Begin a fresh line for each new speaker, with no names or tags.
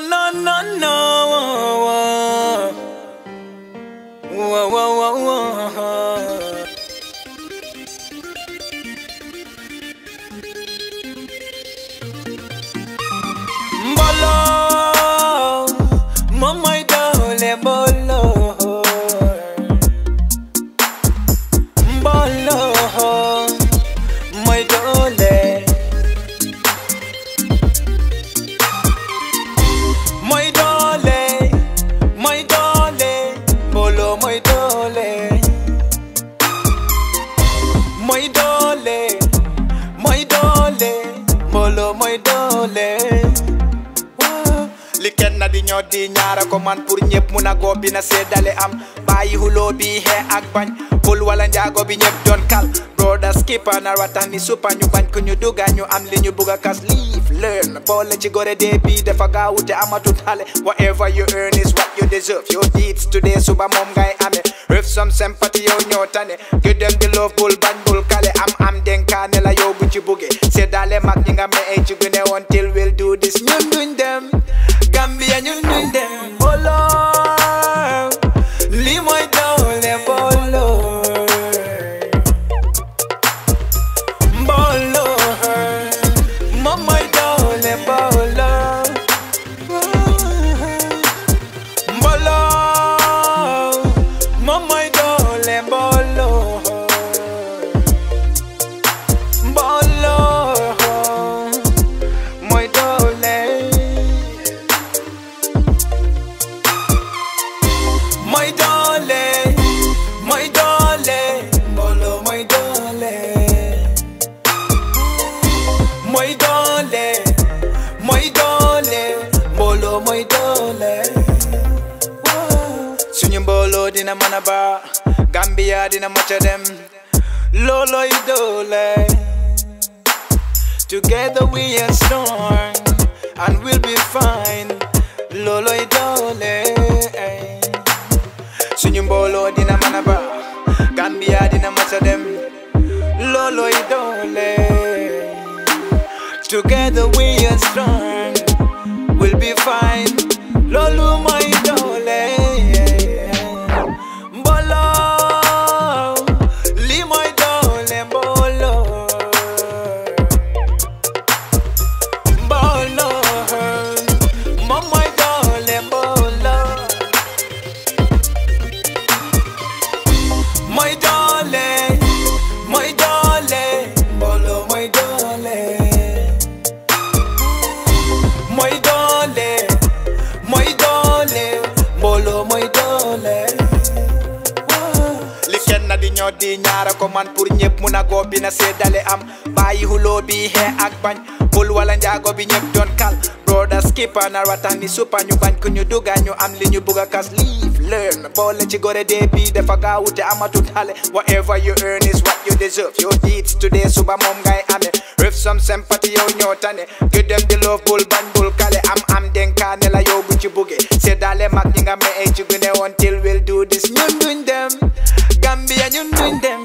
no, no, no, no. Whoa, whoa, whoa, whoa. Bolo, mama idole bolo. Bolo. my
darling, my darling, molo my darling. li kenn di ñoo di ñaara ko man pour ñëpp mun a góob na séddale am Bayi xuloo bi xee ak bañ bul wala njaago bi ñëpp doon kal broda skipper nar wa tax ni suppa ñu bañ ko ñu dugga ñu am li ñu bugga kas liif learn boole ci gore dee bii whatever you earn is what you deserve your deeds today suba moom ngay ame. With some sympathy on your tane Give them the love bull ban bull kale Am am den kanela yo buchi buge Sedale mak nyinga me wanna want wanti
my darling, my darling, follow my darling, my darling, my darling, follow my darling. soon Sunyum bolo dina manaba, Gambia dina much of them, Lolo idole. Together we are strong and we'll be fine, Lolo idole bolo manaba Gambia Lolo Together we are strong We'll be fine my darling, my darling, bolo my darling,
my darling, my darling, bolo my darling. li di ñoo di ñaara ko man pour ñëpp mun a góob bi na séddale am bàyyi xuloo bi xee ak bañ bul wala njaago bi ñëpp doon kal broda skipper na ratani supa ñu bañ ku ñu dugga ñu am li ñu bugg kas lii learn. But let you go the day be the faga out the ama totale. Whatever you earn is what you deserve. Your deeds today, super mom guy ame. With some sympathy on your tane. Give them the love bull ban bull kale. I'm am den canela yo gucci boogie. Say dale mak ninga me ain't you gonna until we'll do this. You're doing them. Gambia are doing them.